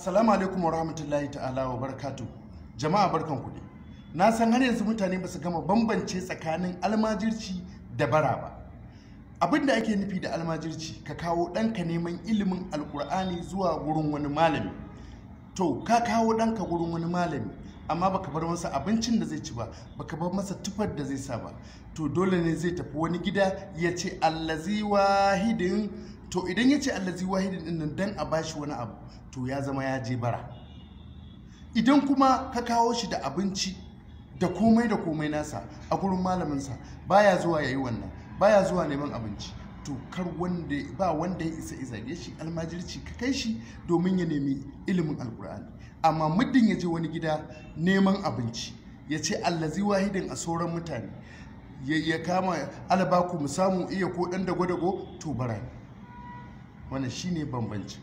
Assalamu alaikum warahmatullahi ta'ala wa barakatu. Jama'a barkan ku Na san har yanzu mutane ba su gama bambance tsakanin almajirci da bara ba. Abin da ake nufi da almajirci ka kawo ɗanka neman ilimin alkur'ani zuwa wurin wani malami. To ka kawo ɗanka wurin wani malami amma baka bar masa abincin da zai ci ba baka bar masa tufar da zai sa ba to dole ne zai tafi wani gida ya ce allazi wahidin to idan ya ce allazi wahidin din nan dan a shi wani abu to ya zama ya je bara idan kuma ka kawo shi da abinci da komai da komai nasa a gurin malaminsa baya zuwa ya yi wannan baya zuwa neman abinci to kar wanda ba wanda ya isa ya shi almajirci ka kai shi domin ya nemi ilimin alkur'ani amma muddin ya je wani gida neman abinci ya ce allazi wahidin a sauran mutane ya kama alabaku mu samu iya ko dan dago to bara wannan shine bambanci